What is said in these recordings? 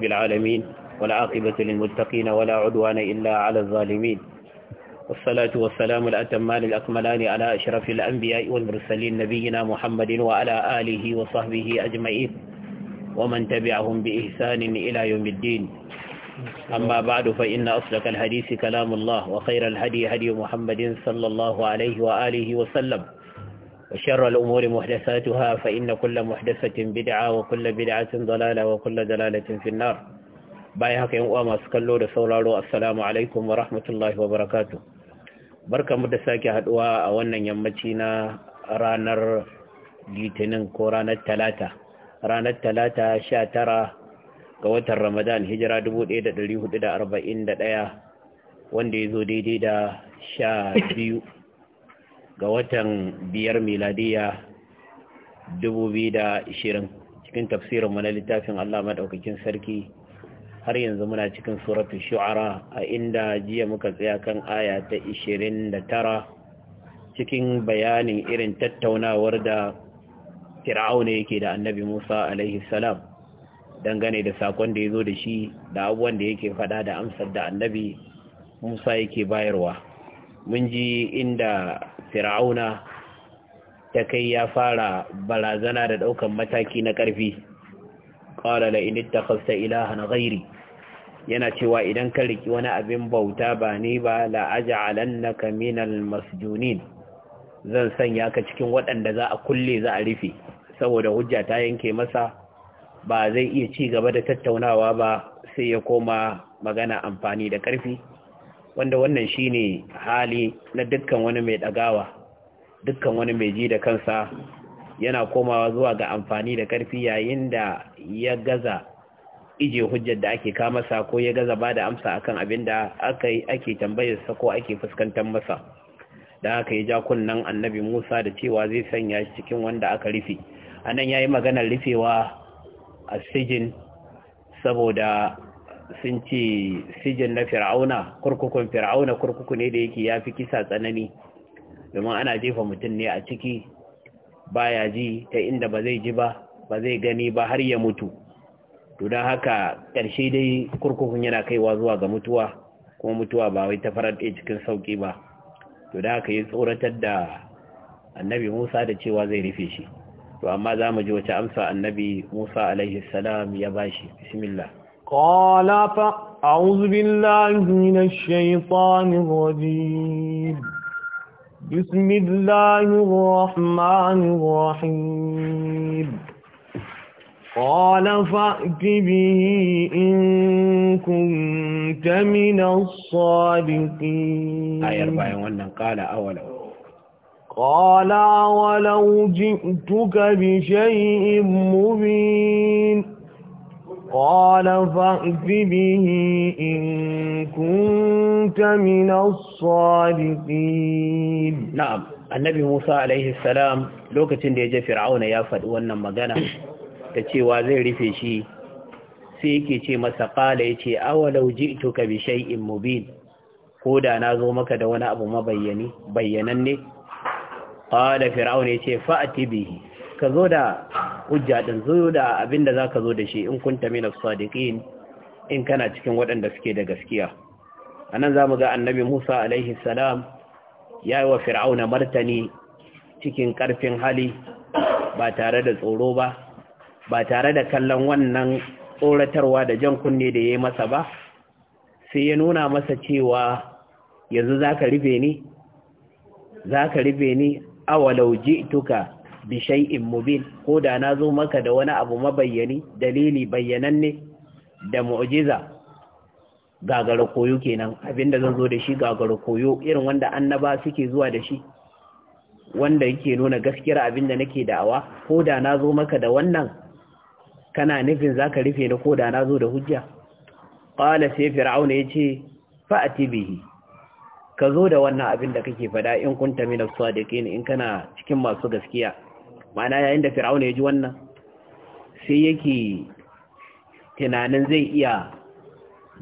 بالعالمين والعاقبة للمتقين ولا عدوان إلا على الظالمين والصلاة والسلام الأتمان الأكملان على أشرف الأنبياء والمرسلين نبينا محمد وعلى آله وصحبه أجمعين ومن تبعهم بإحسان إلى يوم الدين أما بعد فإن أصدق الحديث كلام الله وخير الهدي هدي محمد صلى الله عليه وآله وسلم وشر الأمور محدثاتها فإن كل محدثة بدعة وكل بدعة ضلالة وكل دلالة في النار بايهاك يوم أسكالو لسولارو السلام عليكم ورحمة الله وبركاته barka mu da sake haɗuwa a wannan yammaci na ranar litinin ko ranar talata ranar talata sha tara ga watan ramadan hijira ɗaya, wanda ya zo daidai da sha biyu ga watan biyar miladiya ishirin, cikin tafsirin na littafin Allah maɗaukakin sarki har yanzu muna cikin suratul shu'ara a inda jiya muka tsaya kan aya ta da tara, cikin bayanin irin tattaunawar da fir'auna yake da annabi Musa alaihi salam dangane da sakon da ya zo da shi da abubuwan da yake faɗa da amsar da annabi Musa yake bayarwa mun ji inda fir'auna ta kai ya fara barazana da daukan mataki na ƙarfi qala la in ittakhadta ilahan ghairi yana cewa idan ka riki wani abin bauta ba ni ba la aj'alannaka minal masjunin zan sanya ka cikin waɗanda za a kulle za a rufe saboda hujja ta yanke masa ba zai iya ci gaba da tattaunawa ba sai ya koma magana amfani da ƙarfi wanda wannan shine hali na dukkan wani mai ɗagawa, dukkan wani mai ji da kansa yana komawa zuwa ga amfani da karfi yayin da ya gaza ije hujjar da ake kama sa ko ya gaza ba da amsa akan abin da ake tambayar sa ko ake fuskantar masa da aka yi ja kunnan annabi Musa da cewa zai sanya cikin wanda aka rufe anan yayi maganar rufewa a sijin saboda sun ce sijin na fir'auna kurkukun fir'auna kurkuku ne da yake ya fi kisa tsanani domin ana jefa mutum ne a ciki ba ya ji ta inda ba zai ji ba ba zai gani ba har ya mutu to don haka ƙarshe dai kurkukun yana kaiwa zuwa ga mutuwa kuma mutuwa ba wai ta farar ɗaya cikin sauƙi ba to don haka ya tsoratar da annabi musa da cewa zai rufe shi to amma za mu ji wace amsa annabi musa alaihi salam ya bashi bismillah قال فأعوذ بالله من الشيطان الرجيم بسم الله الرحمن الرحيم قال فأت به إن كنت من الصادقين آية قال أولو قال ولو جئتك بشيء مبين قال فأت به إن كنت من الصادقين نعم annabi Musa alaihi salam lokacin da ya je Fir'auna ya faɗi wannan magana da cewa zai rufe shi sai yake ce masa qala yace awalau ji'tuka bi shay'in mubin ko da na zo maka da wani abu mabayyani bayyananne qala fir'auna yace fa'ti bihi ka zo da hujja din zo da abinda da zaka zo da shi in kunta min as-sadiqin in kana cikin waɗanda suke da gaskiya anan zamu ga annabi Musa alaihi salam yayi wa fir'auna martani cikin karfin hali ba tare da tsoro ba ba tare da kallon wannan tsoratarwa da jan kunne da ya yi masa ba sai ya nuna masa cewa yanzu zaka rufe ni zaka rufe ni awalau ji'tuka bi shay'in mubin ko da na zo maka da wani abu mabayyani dalili bayyananne da mu'jiza gagara koyo kenan abinda zan zo da shi gagara koyo irin wanda annaba suke zuwa da shi wanda yake nuna gaskiyar abinda nake da'awa ko da na zo maka da wannan kana nufin zaka rufe ni ko da na zo da hujja qala sai fir'auna yace fa'ati bihi ka zo da wannan abin da kake fada in kunta min as-sadiqin in kana cikin masu gaskiya Ma'ana yayin da fir'auna ya ji wannan sai yake tunanin zai iya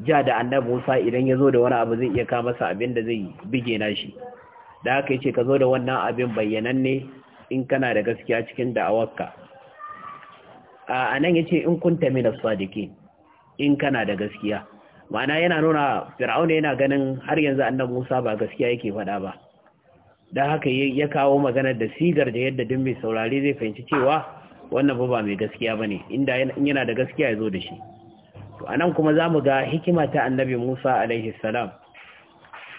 ja da annabi Musa idan ya zo da wani abu zai iya ka masa abin da zai bige na shi da haka yace ka zo da wannan abin bayyananne in kana da gaskiya cikin da'awarka a anan yace in kunta min as-sadiqin in kana da gaskiya ma'ana yana nuna fir'auna yana ganin har yanzu annabi Musa ba gaskiya yake faɗa ba don haka ya kawo maganar da sigar da yadda duk mai saurare zai fahimci cewa wannan ba mai gaskiya ba ne inda yana da gaskiya ya zo da shi to anan kuma za mu ga hikima ta annabi musa alaihi salam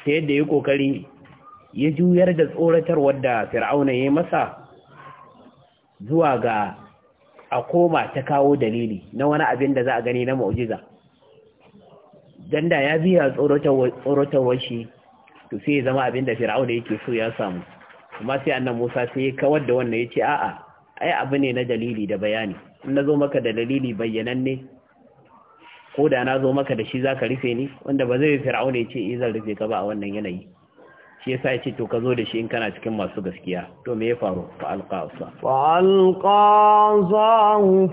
ta yadda ya kokari ya juyar da tsoratar wadda fir'auna ya masa zuwa ga a koma ta kawo dalili na wani abin da za a gani na mu'jiza danda ya biya tsoratar shi to sai ya zama abin da fir'auna yake so ya samu amma sai annan Musa sai ya kawar da wannan yace a'a ai abu ne na dalili da bayani in nazo maka da dalili bayyananne ko da na maka da shi zaka rufe ni wanda ba zai fir'auna yace eh zan rufe ka ba a wannan yanayi shi yasa yace to ka zo da shi in kana cikin masu gaskiya to me ya faru fa alqasa fa alqasa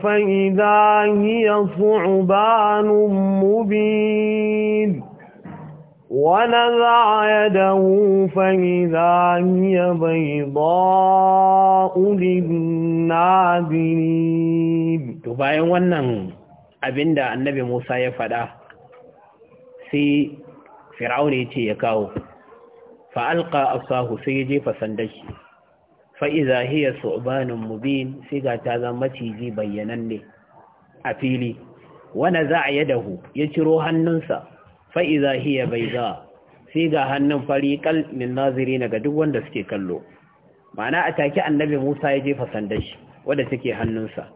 fa idan hiya su'banun mubin ونزع يده فإذا هي بيضاء للناظرين to bayan wannan abin da annabi Musa ya faɗa sai Fir'auna yace ya kawo fa alqa asahu sai ya jefa sanda shi. idza hiya su'banun mubin sai ga ta zama maciji bayyananne a fili wana za'a dahu? ya ciro hannunsa fa'iza hiya bai za sai ga hannun fari kal min naziri na ga duk wanda suke kallo ma'ana a take annabi musa ya jefa sanda shi wadda take hannunsa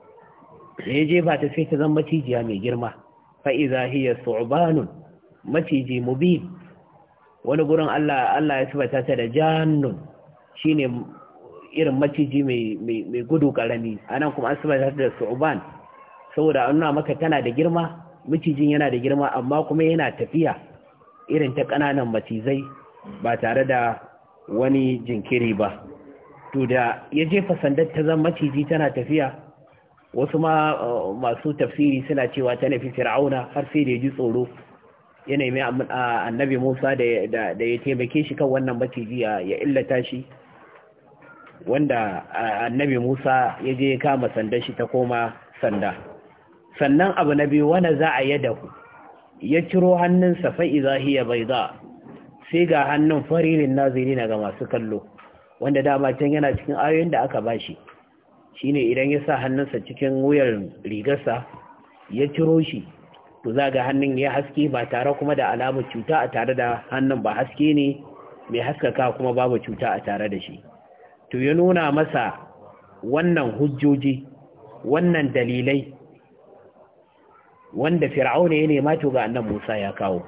ya jefa ta sai ta zan macijiya mai girma fa'iza hiya su'ubanun maciji mubin wani gurin allah allah ya subata ta da jannun shine irin maciji mai gudu karami anan kuma an subata ta da su'uban saboda an nuna maka tana da girma macijin yana da girma amma kuma yana tafiya irin ta ƙananan macizai ba tare da wani jinkiri ba to da ya jefa sandar ta zan maciji tana tafiya wasu ma uh, masu tafsiri suna cewa ta nufi fir'auna har sai da ya ji tsoro ya mai, uh, annabi musa da ya taimake shi kan wannan maciji ya illata shi wanda uh, annabi musa ya je kama sandar shi ta koma sanda sannan abu na biyu wani za a yadahu ya ciro hannunsa fa'iza hiya bai za sai ga hannun faririn naziri na ga masu kallo wanda dama can yana cikin ayoyin da aka bashi ne idan ya sa hannunsa cikin wuyar rigarsa ya ciro shi to za ga hannun ya haske ba tare kuma da alamar cuta a tare da hannun ba haske ne mai haskaka kuma babu cuta a tare da shi to ya nuna masa wannan hujjoji wannan dalilai wanda fir'auna ya ma to ga annabi Musa ya kawo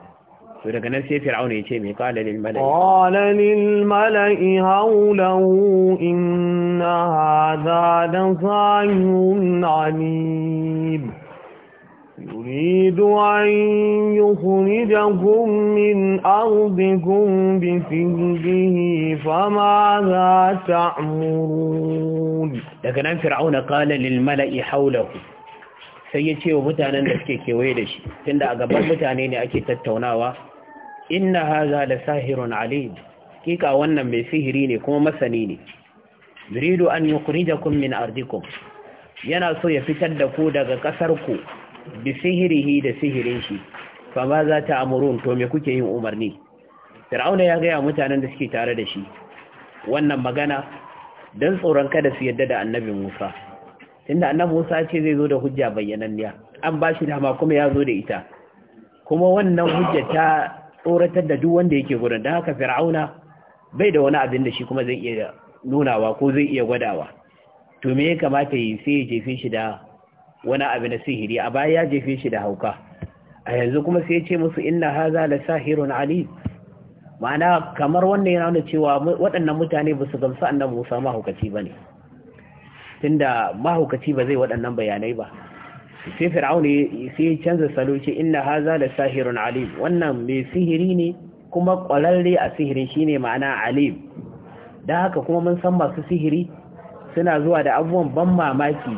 to daga nan sai fir'auna ya ce me qala lil mala'i qala lil mala'i hawlahu inna hadha dhanun sayyun يريد أن يخرجكم من أرضكم بسجده فماذا تعمرون لكن فرعون قال للملأ حوله sai ya ce wa mutanen da suke kewaye da shi tunda a gaban mutane ne ake tattaunawa inna haza da sahirun alim kika wannan mai sihiri ne kuma masani ne yuridu an yukhrijakum min ardikum yana so ya fitar da ku daga kasar ku bi sihirihi da sihirin shi fa ma za ta amurun to me kuke yin umarni fir'auna ya gaya mutanen da suke tare da shi wannan magana don tsoron kada su yadda da annabi musa tunda annabi Musa ce zai zo da hujja bayyananniya an ba shi dama kuma ya zo da ita kuma wannan hujja ta tsoratar da duk wanda yake gurin don haka fir'auna bai da wani abin da shi kuma zai iya nunawa ko zai iya gwadawa to me ya kamata yi sai ya jefe shi da wani abu na sihiri a baya ya jefe shi da hauka a yanzu kuma sai ya ce musu inna haza la sahirun ali ma'ana kamar wannan yana nuna cewa waɗannan mutane ba su gamsu annabi Musa mahaukaci bane tunda mahaukaci ba zai waɗannan bayanai ba sai fir'aun sai ya canza salo ce inna haza la sahirun alim wannan mai sihiri ne kuma kwararre a sihirin shine ma'ana alim da haka kuma mun san masu sihiri suna zuwa da abubuwan ban mamaki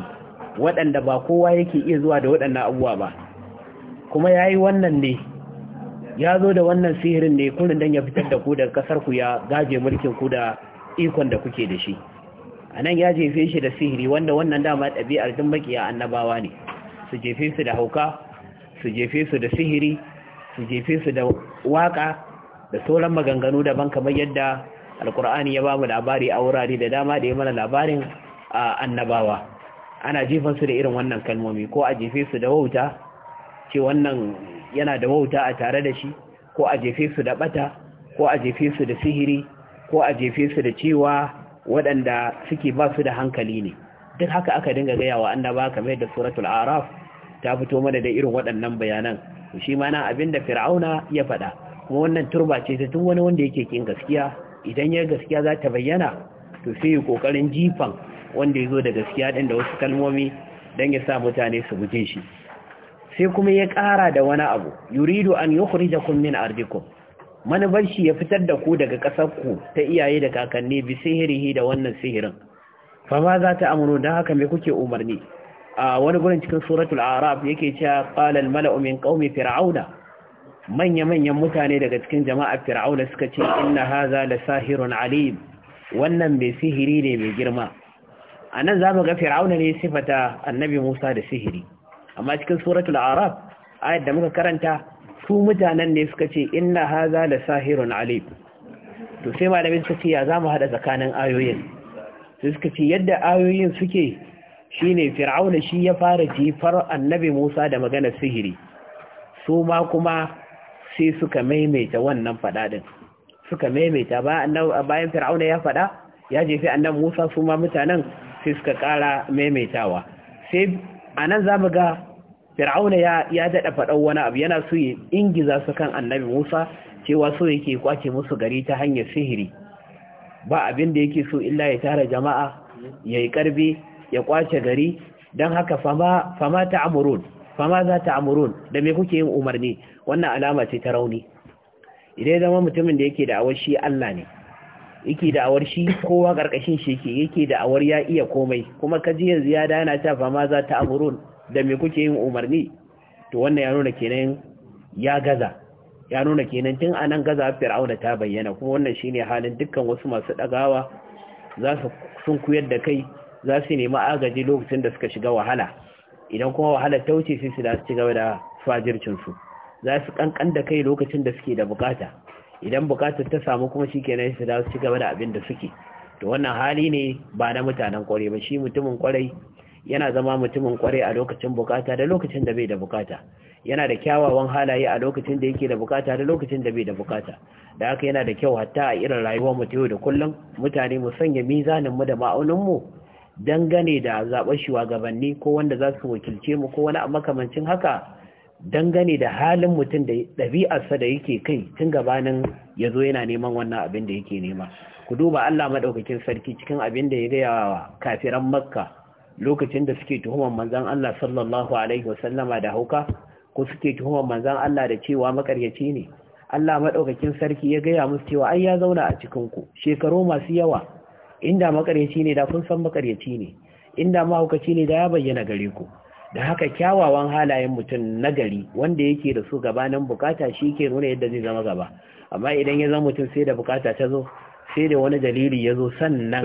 waɗanda ba kowa yake iya zuwa da waɗannan abubuwa ba kuma yayi wannan ne ya zo da wannan sihirin ne kullun dan ya fitar da ku daga kasar ku ya gaje mulkin ku da ikon da kuke da shi a nan ya jefe shi da sihiri wanda wannan dama ɗabi'ar duk makiya annabawa ne su jefe su da hauka su jefe su da sihiri su jefe su da waka da sauran maganganu daban kamar yadda alkur'ani ya ba mu labari a wurare da dama da ya mana labarin a annabawa ana jefan su da irin wannan kalmomi ko a jefe su da wauta ce wannan yana da wauta a tare da shi ko a jefe su da bata ko a jefe su da sihiri ko a jefe su da cewa waɗanda suke ba su da hankali ne duk haka aka dinga gaya wa annaba kamar da suratul araf ta fito mana da irin waɗannan bayanan shi ma na abin da fir'auna ya faɗa kuma wannan turba ce ta tun wani wanda yake kin gaskiya idan ya gaskiya za ta bayyana to sai kokarin jifan wanda ya zo da gaskiya ɗin da wasu kalmomi dan ya sa mutane su guje shi sai kuma ya ƙara da wani abu yuridu an yukhrijakum min ardikum manufar shi ya fitar da ku daga ku ta iyaye da kakanni bi sihirihi da wannan sihirin fa ma za ta amuru don haka mai kuke umarni a wani gurin cikin suratul arab yake cewa qalal mala'u min qaumi fir'auna manya manyan mutane daga cikin jama'ar fir'auna suka ce inna Haza, la sahirun alim wannan mai sihiri ne mai girma anan mu ga fir'auna ne sifata annabi Musa da sihiri amma cikin suratul arab ayat da muka karanta su mutanen ne suka ce inna haza da sahirun ali to sai malamin suka ce ya zamu hada tsakanin ayoyin sai suka ce yadda ayoyin suke shine fir'auna shi ya fara jifar annabi Musa da maganar sihiri su ma kuma sai suka maimaita wannan fada suka maimaita bayan fir'auna ya fada ya jefi annabi Musa su ma mutanen sai suka kara maimaitawa sai anan mu ga fir'auna ya ya dada fadan wani abu yana so ya ingiza su kan annabi musa cewa so yake kwace musu gari ta hanyar sihiri ba abin da yake so illa ya tara jama'a yayi karbi ya kwace gari dan haka fama fama ta amurun fama za ta amurun da me kuke yin umarni wannan alama ce ta rauni idan zama mutumin da yake da shi Allah ne yake da shi kowa karkashin shi yake yake da awar, ya iya komai kuma kaji yanzu ya dana ta fama za ta amurun da me kuke yin umarni to wannan ya nuna kenan ya gaza ya nuna kenan tun anan gaza fir'auna ta bayyana kuma wannan shine halin dukkan wasu masu dagawa za su sun kuyar da kai za su nemi agaji lokacin da suka shiga wahala idan kuma wahala ta wuce sai su da su ci da fajircin su za su kankan da kai lokacin da suke da bukata idan bukatar ta samu kuma shikenan su da su ci gaba da abin da suke to wannan hali ne ba na mutanen kwarai ba shi mutumin kwarai yana zama mutumin kware a lokacin bukata da lokacin da bai da bukata yana da kyawawan halaye a lokacin da yake da bukata da lokacin da bai da bukata da haka yana da kyau hatta a irin rayuwar mu yau da kullum mutane mu sanya mizanin mu da ma'aunin mu dangane da zaɓar shugabanni ko wanda za su wakilce mu ko wani makamancin haka dangane da halin mutum da ɗabi'arsa da yake kai tun gabanin ya zo yana neman wannan abin da yake nema ku duba Allah maɗaukakin sarki cikin abin da ya gaya wa kafiran makka lokacin da suke tuhumar manzan Allah sallallahu alaihi wasallama da hauka ko suke tuhumar manzan Allah da cewa makaryaci ne Allah maɗaukakin sarki ya gaya musu cewa ai ya zauna a cikinku.' shekaru masu yawa inda makaryaci ne da kun san makaryaci ne inda mahaukaci ne da ya bayyana gare ku da haka kyawawan halayen mutum na gari wanda yake da su gabanin bukata shi ke nuna yadda zai zama gaba amma idan ya zama mutum sai da bukata ta zo sai da wani dalili ya zo sannan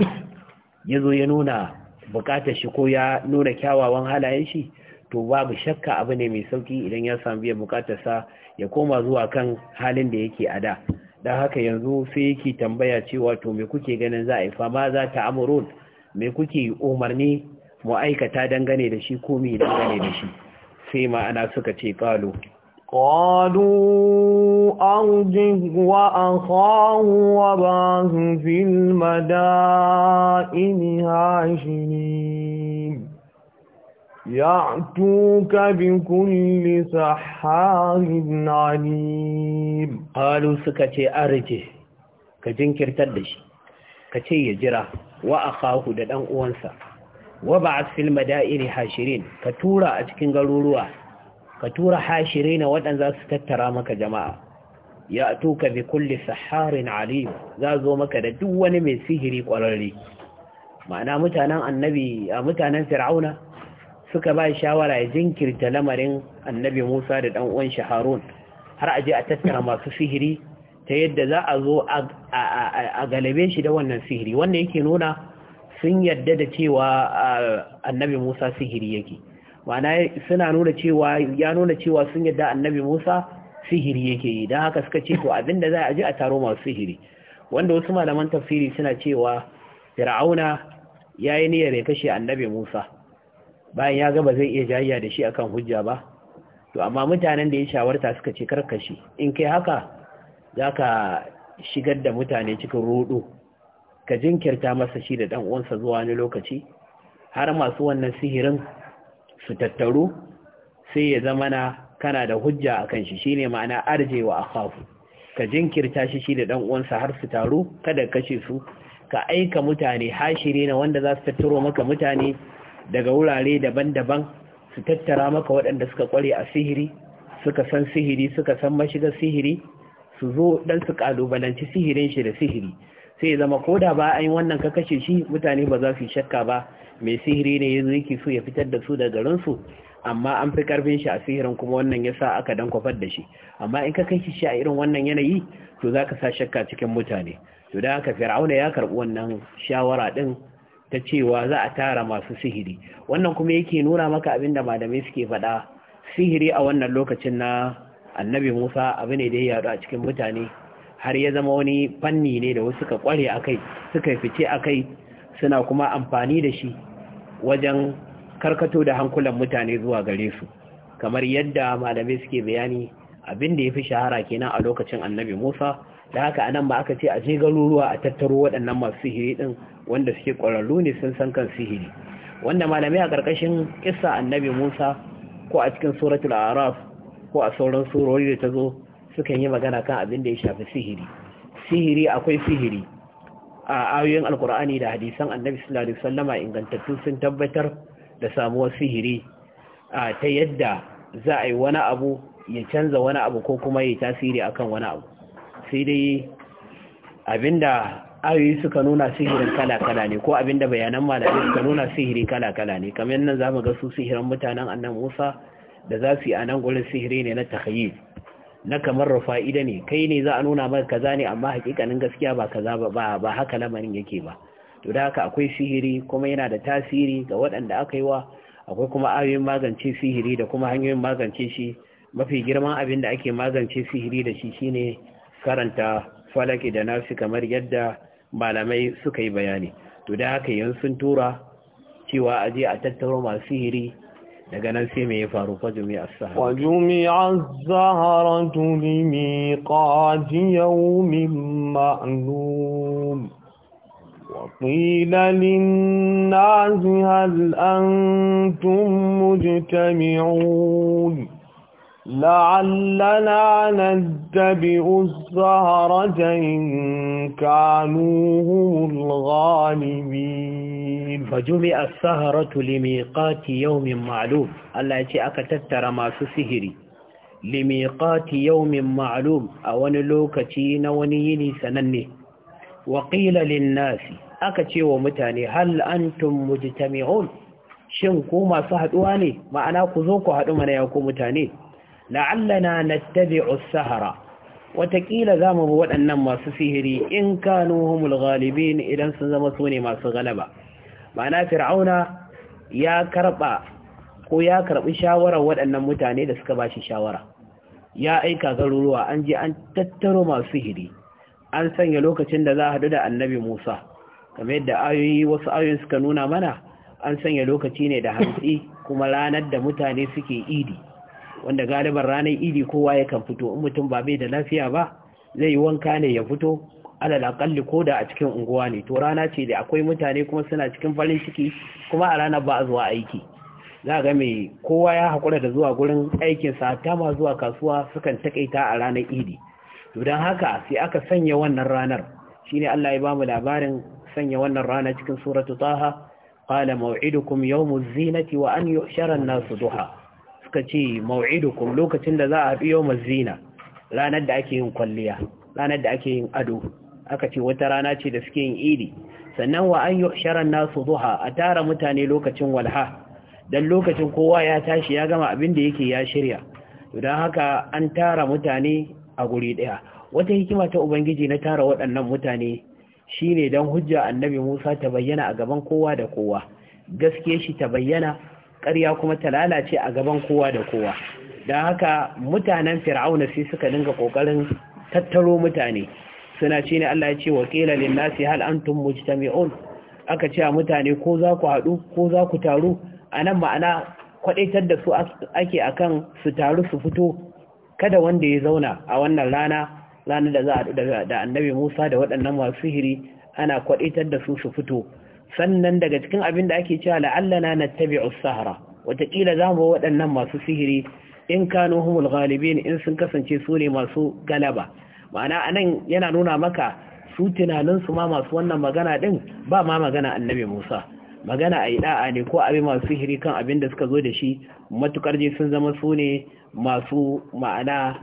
ya zo ya nuna bukatar shi ko ya nuna kyawawan halayen shi to babu shakka abu ne mai sauki idan ya samu biyan bukatarsa ya koma zuwa kan halin da yake a da don haka yanzu sai yake tambaya cewa to me kuke ganin za a yi fama za ta amurun me kuke umarni mu aikata dangane da shi ko mai dangane da shi sai ma ana suka ce kalo قالوا أرجه وأخاه وبعث في المدائن هاشمين يعتوك بكل سحار عليم قالوا سكتي أرجه كجنكر تدش كتي يجرى وأخاه ددن أونسا وبعث في المدائن هاشرين كتورا أتكين قالوا ka tura hashire na waɗanda su tattara maka jama'a ya tuka bi kulli saharin alim za zo maka da duk wani mai sihiri ƙwararri. ma'ana mutanen annabi a mutanen fir'auna suka ba shawara ya jinkirta lamarin annabi musa da ɗan uwan harun har aje a tattara masu sihiri ta yadda za a zo a galabe shi da wannan sihiri wanda yake nuna sun yadda da cewa annabi musa sihiri yake Mana suna nuna cewa ya nuna cewa sun yadda annabi Musa sihiri yake yi don haka suka ce to abinda za a ji a taro masu sihiri wanda wasu malaman tafsiri suna cewa fir'auna ya yi niyyar ya kashe annabi Musa bayan ya gaba zai iya jayya da shi akan hujja ba to amma mutanen da ya shawarta suka ce karkashi in kai haka za ka shigar da mutane cikin rudu ka jinkirta masa shi da dan uwansa zuwa wani lokaci har masu wannan sihirin su tattaru sai ya zama na kana da hujja a kan shi ne ma'ana arjewa a akwafu ka jinkirta shi shi da ɗan uwansa har su taru kada kashe su ka aika mutane hashiri na wanda za su tattaro maka mutane daga wurare daban-daban su tattara maka waɗanda suka kware a sihiri suka san sihiri suka san mashigar sihiri su zo dan su ƙalubalanci sihirin shi da sihiri sai zama ko da ba a yi wannan ka kashe shi mutane ba za su shakka ba mai sihiri ne yanzu yake so ya fitar da su daga garinsu amma an fi karfin shi a sihirin kuma wannan ya sa aka dan kwafar da shi amma in ka kashe shi a irin wannan yanayi to za ka sa shakka cikin mutane to da haka fir'auna ya karɓi wannan shawara ɗin ta cewa za a tara masu sihiri wannan kuma yake nuna maka abin da malamai suke faɗa sihiri a wannan lokacin na annabi musa abu ne da ya yaɗu a cikin mutane har ya zama wani fanni ne da wasu ka kware a akai suka fice a kai, suna kuma amfani da shi wajen karkato da hankulan mutane zuwa gare su kamar yadda malamai suke bayani abin da ya fi shahara kenan a lokacin annabi musa da haka anan ba aka ce a je garuruwa a tattaro waɗannan masu sihiri ɗin wanda suke ƙwararru ne sun san kan sihiri wanda malamai a ƙarƙashin kissa annabi musa ko a cikin suratul araf ko a sauran surori da ta zo sukan yi magana kan abin da ya shafi sihiri sihiri akwai sihiri a ayoyin alkur'ani da hadisan annabi sallallahu alaihi wasallama ingantattu sun tabbatar da samuwar sihiri ta yadda za a yi wani abu ya canza wani abu ko kuma ya tasiri akan wani abu sai dai abinda ayoyi suka nuna sihirin kala-kala ne ko abinda bayanan malamai suka nuna sihiri kala-kala ne kamar nan mu ga su sihirin mutanen annan Musa da za su yi a nan gurin sihiri ne na takhayyib na kamar rufa'ida ne kai ne za a nuna maka kaza ne amma hakikanin gaskiya ba kaza ba ba haka lamarin yake ba to da haka akwai sihiri kuma yana da tasiri ga waɗanda aka yi wa akwai kuma ayoyin magance sihiri da kuma hanyoyin magance shi mafi girman abin da ake magance sihiri da shi shine karanta falaki da nafsi kamar yadda malamai suka yi bayani to da haka yanzu sun tura cewa a je a tattaro masu sihiri daga nan sai mai faru fa jumi'a sahara wa jumi'a sahara tulimi qadi yawmin ma'lum wa qila lin-nasi hal antum mujtami'un لعلنا نتبع الزهرة إن كانوا هم الغالبين فجمع السهرة لميقات يوم معلوم الله يتي أكتتر ما سسهري لميقات يوم معلوم أون لوكتين ونيني سنني وقيل للناس أكتي ومتاني هل أنتم مجتمعون shin ku masu haduwa ne ma'ana ku zo ku haɗu mana ya ku mutane la'allana nattabi'u sahara watakila zamu bi waɗannan masu sihiri in kanu humul ghalibin idan sun zama su ne masu galaba ma'ana fir'auna ya karba ko ya karbi shawarar waɗannan mutane da suka bashi shawara ya aika garuruwa an je an tattaro masu sihiri an sanya lokacin da za a hadu da annabi Musa kamar yadda ayoyi wasu ayoyi suka nuna mana an sanya lokaci ne da hantsi kuma ranar da mutane suke idi wanda galibar ranar idi kowa yakan fito in mutum ba bai da lafiya ba zai yi wanka ne ya fito alal akalli ko da a cikin unguwa ne to rana ce da akwai mutane kuma suna cikin farin ciki kuma a ranar ba a zuwa aiki za ga mai kowa ya haƙura da zuwa gurin aikinsa ta ma zuwa kasuwa sukan takaita a ranar idi to don haka sai aka sanya wannan ranar shine Allah ya bamu labarin sanya wannan rana cikin suratu taha qala maw'idukum yawmuz zinati wa an yuhshara an-nasu duha suka ce mau'idukum lokacin da za a haɗu yau mazina ranar da ake yin kwalliya ranar da ake yin ado aka ce wata rana ce da suke yin idi sannan wa an yuhsharan nasu zuha a tara mutane lokacin walha don lokacin kowa ya tashi ya gama abin da yake ya shirya don haka an tara mutane a guri ɗaya wata hikima ta ubangiji na tara waɗannan mutane shine dan hujja annabi Musa ta bayyana a gaban kowa da kowa gaske shi ta bayyana ƙarya kuma ta lalace a gaban kowa da kowa don haka mutanen fir'auna sai suka dinga ƙoƙarin tattaro mutane suna ce ne Allah ya ce wa linnasi hal antum mujtami'un aka ce a mutane ko za ku haɗu ko za ku taru a nan ma'ana kwaɗaitar da su ake akan su taru su fito kada wanda ya zauna a wannan rana rana da za a da annabi Musa da waɗannan masu sihiri ana kwaɗaitar da su su fito sannan daga cikin abin da ake cewa la'allana nattabi'us sahara watakila za mu waɗannan masu sihiri in kano humul ghalibin in sun kasance su ne masu galaba ma'ana anan yana nuna maka su tunaninsu ma masu wannan magana ɗin, ba ma magana annabi Musa magana a ɗa'a ne ko abin masu sihiri kan abin da suka zo da shi matukar je sun zama su ne masu ma'ana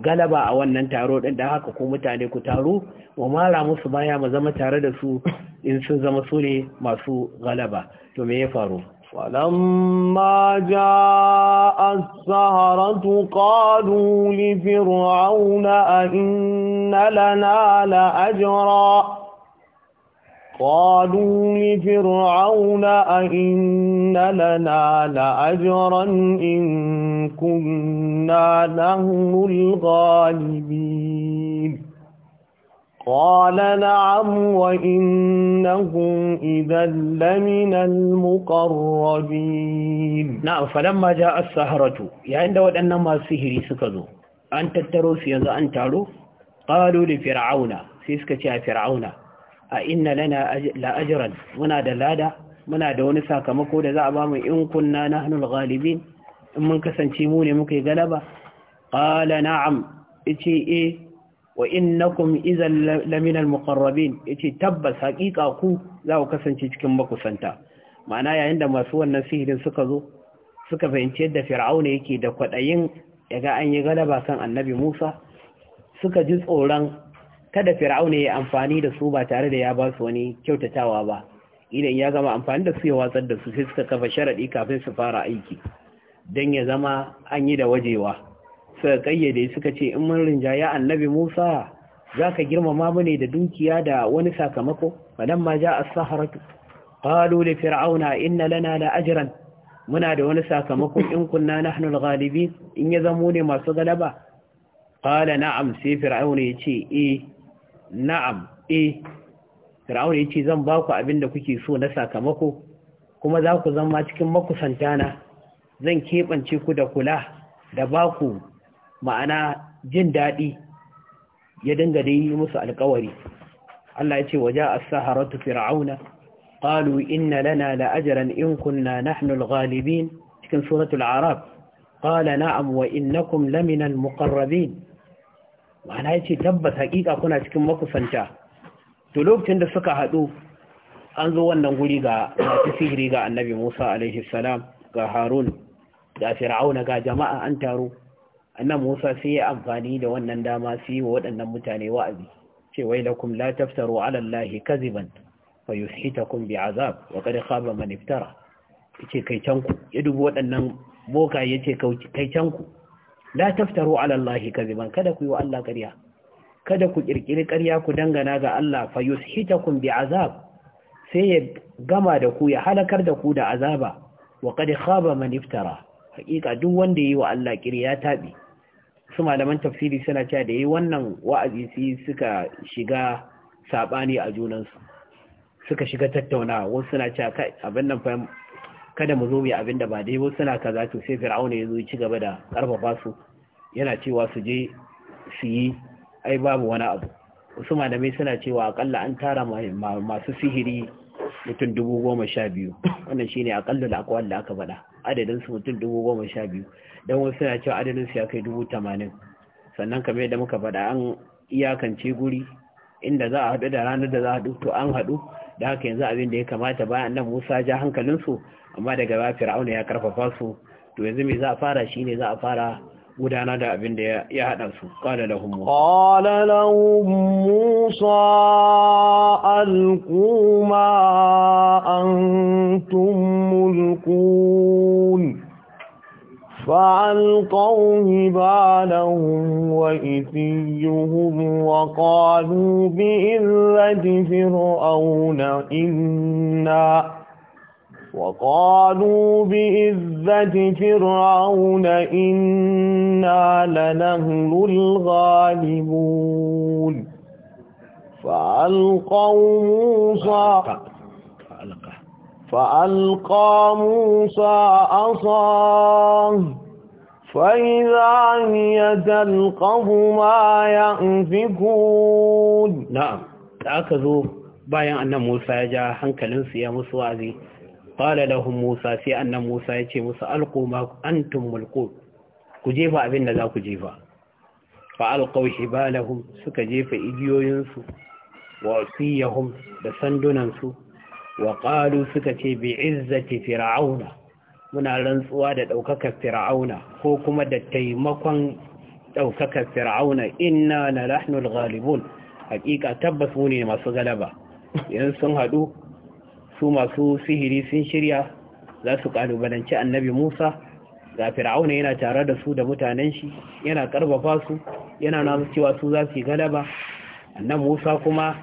galaba a wannan taro ɗin, da haka ko mutane ku taru wa mara musu baya mu zama tare da su in sun zama su ne masu galaba to me ya faru فلما جاء السهرة قالوا لفرعون أئن لنا لأجرا قالوا لفرعون أئن لنا لأجرا إن كنا نحن الغالبين قال نعم وإنهم إذا لمن المقربين نعم فلما جاء السهرة يعني دود أن ما سهري سكذو أن تتروا سيزا أن تعلو قالوا لفرعون سيسكتها فرعون a inna lana la'ajiran muna da lada muna da wani sakamako da za a ba mu in kunna hannun galibi? in mun kasance mu ne muka yi galaba qala na'am ce eh wa innakum laminar laminal Ya yace tabbas haƙiƙa ku za ku kasance cikin makusanta ma'ana yayin da masu wannan sihirin suka zo suka fahimci yadda fir'auna yake da kwaɗayin? yaga an yi galaba kan annabi Musa suka ji tsoron kada fir'auna ya amfani da su ba tare da ya ba su wani kyautatawa ba idan ya gama amfani da su ya watsar da su sai suka kafa sharadi kafin su fara aiki dan ya zama an yi da wajewa suka kayyade suka ce in mun rinjaya annabi Musa zaka girmama mu ne da dukiya da wani sakamako ma ja as sahara qalu li fir'auna inna lana la ajran muna da wani sakamako in kunna nahnu al-ghalibin in ya zamo ne masu galaba qala na'am sai fir'auna yace eh na'am eh fir'aun ya ce zan ba ku abin da kuke so na sakamako kuma za ku zama cikin makusanta na. zan keɓance ku da kula da ba ku ma'ana jin daɗi ya dinga da yi musu alkawari Allah ya ce waje a saharatu fir'auna ƙalu inna lana la'ajaran in kunna nahnul galibin cikin suratul arab ƙala na'am wa innakum laminal muƙarrabin ma'ana ya ce tabbas haƙiƙa kuna cikin makusanta to lokacin da suka haɗu an zo wannan guri ga masu sihiri ga annabi musa alaihi ga harun ga fir'auna ga jama'a an taro annan musa sai ya amfani da wannan dama su yi wa waɗannan mutane wa'azi ce wai lakum la taftaru alallahi kaziban fa kun bi azab wa kada khaba man iftara yace kai canku? ya duba waɗannan boka yace kai canku. la taftaru ala Allah kaziban kada ku yi wa Allah ƙarya kada ku kirkiri ƙarya ku dangana ga Allah fa yushitakum bi azab sai ya gama da ku ya halakar da ku da azaba wa qad khaba man iftara haqiqa duk wanda yi wa Allah ƙarya tabi su malaman tafsiri suna cewa da yi wannan wa'azi sai suka shiga sabani a junansu suka shiga tattaunawa wasu suna cewa kai abin nan fa kada mu zo mu yi abin da ba dai suna kaza to sai fir'auna ya zo ci gaba da karfafa su yana cewa su je su yi ai babu wani abu wasu malamai suna cewa akalla an tara masu sihiri mutum dubu goma sha biyu wannan ne akalla da akwai da aka faɗa adadin su mutum dubu goma sha biyu don wasu suna cewa adadin su ya kai dubu tamanin sannan kamar yadda muka faɗa an iyakance guri inda za a haɗu da ranar da za a haɗu to an haɗu da haka yanzu abin da ya kamata bayan nan musa ja hankalinsu amma daga ba fir'auna ya karfafa su to yanzu me za a fara shi ne za a fara gudana da abin da ya haɗa su ƙwada lahun musa ƙwada musa alƙuma an mulkun فألقوا هبالهم وإثيهم وقالوا بإذة فرعون إِنَّا وقالوا بإذة فرعون إنا لنهل الغالبون فألقوا موسى فألقى موسى عصاه فإذا هي تلقف ما يأفكون نعم تأكدوا بايا أن موسى جاء حنك hankalinsu ya qala lahum musa sai annan musa ya ce musu alqu ma antum mulqu ku jefa abin da za ku jefa fa alqaw hibalahum suka jefa igiyoyinsu wa wasiyahum da sandunansu wa qalu suka ce bi izzati fir'auna muna rantsuwa da ɗaukaka fir'auna ko kuma da taimakon ɗaukakar fir'auna inna na nahnu al hakika tabbas mu ne masu galaba yan sun hadu su masu sihiri sun shirya za su kalubalanci annabi Musa ga fir'auna yana tare da su da mutanen shi yana karfafa su yana nuna cewa su za su galaba annabi Musa kuma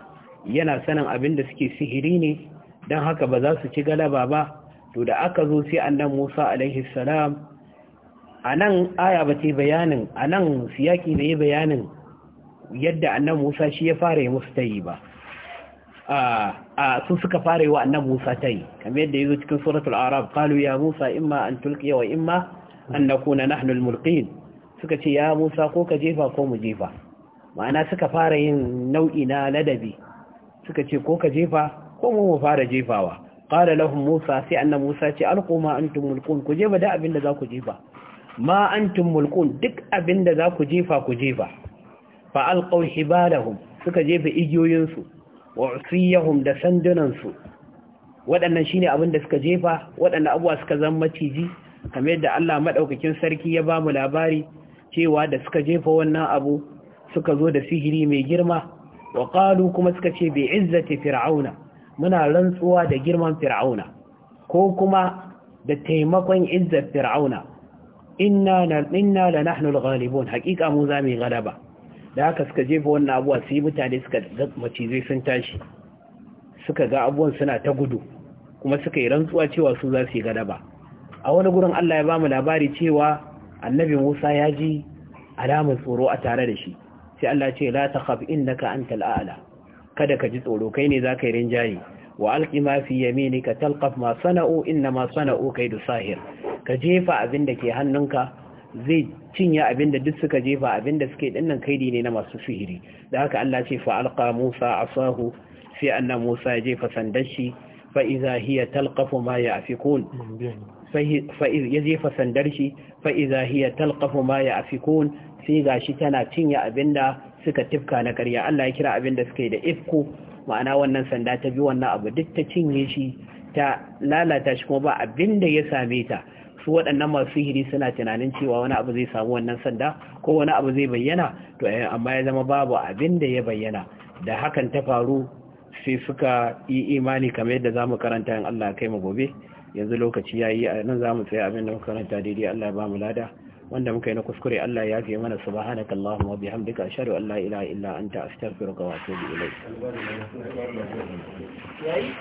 yana sanin abin da suke sihiri ne dan haka ba za su ci galaba ba to da aka zo sai annabi Musa alaihi salam anan aya ba ta bayanin anan siyaki ne bayanin yadda annabi Musa shi ya fara yi musu tayi ba sun suka fara yi wa annabi Musa ta yi kamar yadda yi yazo cikin suratul arab Kalu ya Musa imma an tulqiya wa imma an nakuna nahnu almulqin suka ce ya Musa ko ka jefa ko mu jefa ma'ana suka fara yin nau'i na ladabi suka ce ko ka jefa ko mu fara jefawa qala lahum Musa sai annabi Musa ce alqu ma antum mulqun ku jefa da abinda za ku jefa ma antum mulqun duk abinda za ku jefa ku jefa fa alqaw hibalahum suka jefa igiyoyinsu wa da sandunan su. waɗannan shine abin da suka jefa waɗannan abuwa suka zama maciji kamar yadda Allah madaukakin sarki ya ba mu labari cewa da suka jefa wannan abu suka zo da sihiri mai girma wa qalu kuma suka ce bi izzati fir'auna muna rantsuwa da girman fir'auna ko kuma da taimakon izzati fir'auna inna inna lanahnu alghalibun haqiqa mu za mu galaba da haka suka jefa wannan abuwa sai mutane suka ga macizai sun tashi suka ga abuwan suna ta gudu kuma suka yi rantsuwa cewa su za su yi ba a wani gurin Allah ya ba mu labari cewa annabi Musa ya ji alamar tsoro a tare da shi sai Allah ce la takhaf innaka antal a'la kada ka ji tsoro kai ne zaka yi rinjayi wa alqi ma fi yaminika talqaf ma sana'u inna ma sana'u kaidu sahir ka jefa abin da ke hannunka zai cinye abinda duk suka jefa abinda suke dinnan kaidi ne na masu sihiri da haka Allah ce fa alqa Musa asahu sai annan Musa ya jefa sandar shi fa iza hiya talqafu ma yafikun fa ya jefa sandar shi fa iza hiya talqafu ma yafikun sai gashi tana cinye abinda suka tifka na ƙarya Allah ya kira abinda suke da ifku ma'ana wannan sanda ta bi wannan abu duk ta cinye shi ta lalata shi kuma ba abinda ya same ta su waɗannan masu hiri suna tunanin cewa wani abu zai samu wannan sanda ko wani abu zai bayyana to eh, amma ya zama babu abin da ya bayyana da hakan ta faru sai suka yi imani kamar yadda za mu karanta in Allah kai mu gobe yanzu lokaci ya yi a nan za mu tsaya abin da muka karanta daidai Allah ba mu lada wanda muka yi na kuskure Allah ya fiye mana subhanaka Allahumma wa bihamdika ashhadu an la ilaha illa anta astaghfiruka wa atubu ilayk